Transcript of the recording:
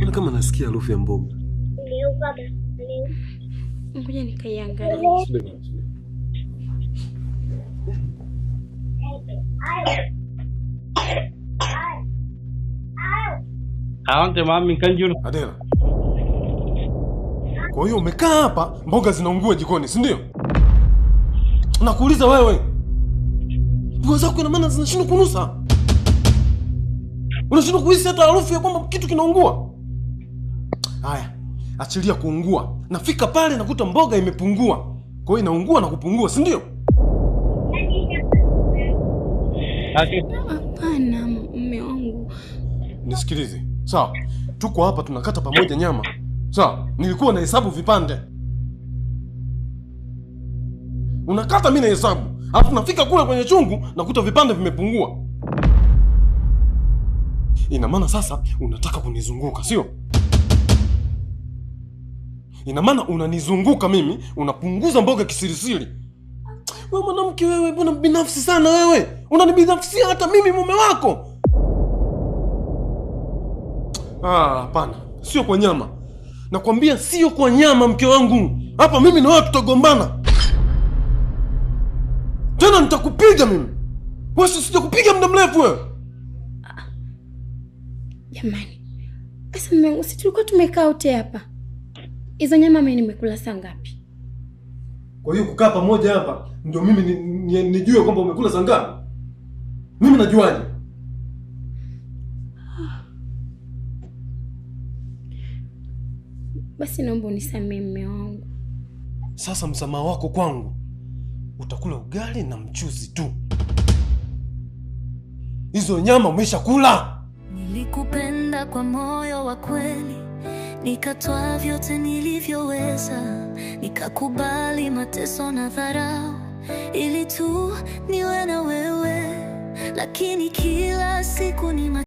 Kuna kama nasikia harufu ya mboga. Ngoja nikaiangalia. Awante mami kanjuru. Adela. Kwa hiyo umekaa hapa mboga zinaungua jikoni, si ndio? Nakuuliza wewe. Mboga zako ina maana zinashindwa kunusa. Unashindwa kuhisi hata harufu ya kwamba kitu kinaungua? Haya, achilia kuungua. Nafika pale nakuta mboga imepungua, kwa hiyo inaungua na kupungua, si ndio? Hapana mme wangu, nisikilize sawa. Tuko hapa tunakata pamoja nyama, sawa? Nilikuwa na hesabu vipande, unakata mi na hesabu, alafu nafika kule kwenye chungu nakuta vipande vimepungua Ina maana sasa unataka kunizunguka, sio? Ina maana unanizunguka mimi, unapunguza mboga kisirisiri. Wewe mwanamke wewe, mbona binafsi sana wewe? Unanibinafsia hata mimi mume wako. Ah, hapana, sio kwa nyama. Nakwambia sio kwa nyama, mke wangu. Hapa mimi na wewe tutagombana tena, nitakupiga mimi. Wewe sijakupiga muda mrefu wewe Jamani, sasa mume wangu, si tulikuwa tumekaa ute hapa? Hizo nyama mimi nimekula saa ngapi? Kwa hiyo kukaa pamoja hapa ndio mimi nijue ni, ni, ni kwamba umekula saa ngapi? Mimi najuaje? Basi naomba unisamehe mume wangu. Sasa msamaha wako kwangu utakula ugali na mchuzi tu, hizo nyama umesha kula. Nilikupenda kwa moyo wa kweli, nikatoa vyote nilivyoweza, nikakubali mateso na dharau, ili tu niwe na wewe, lakini kila siku ni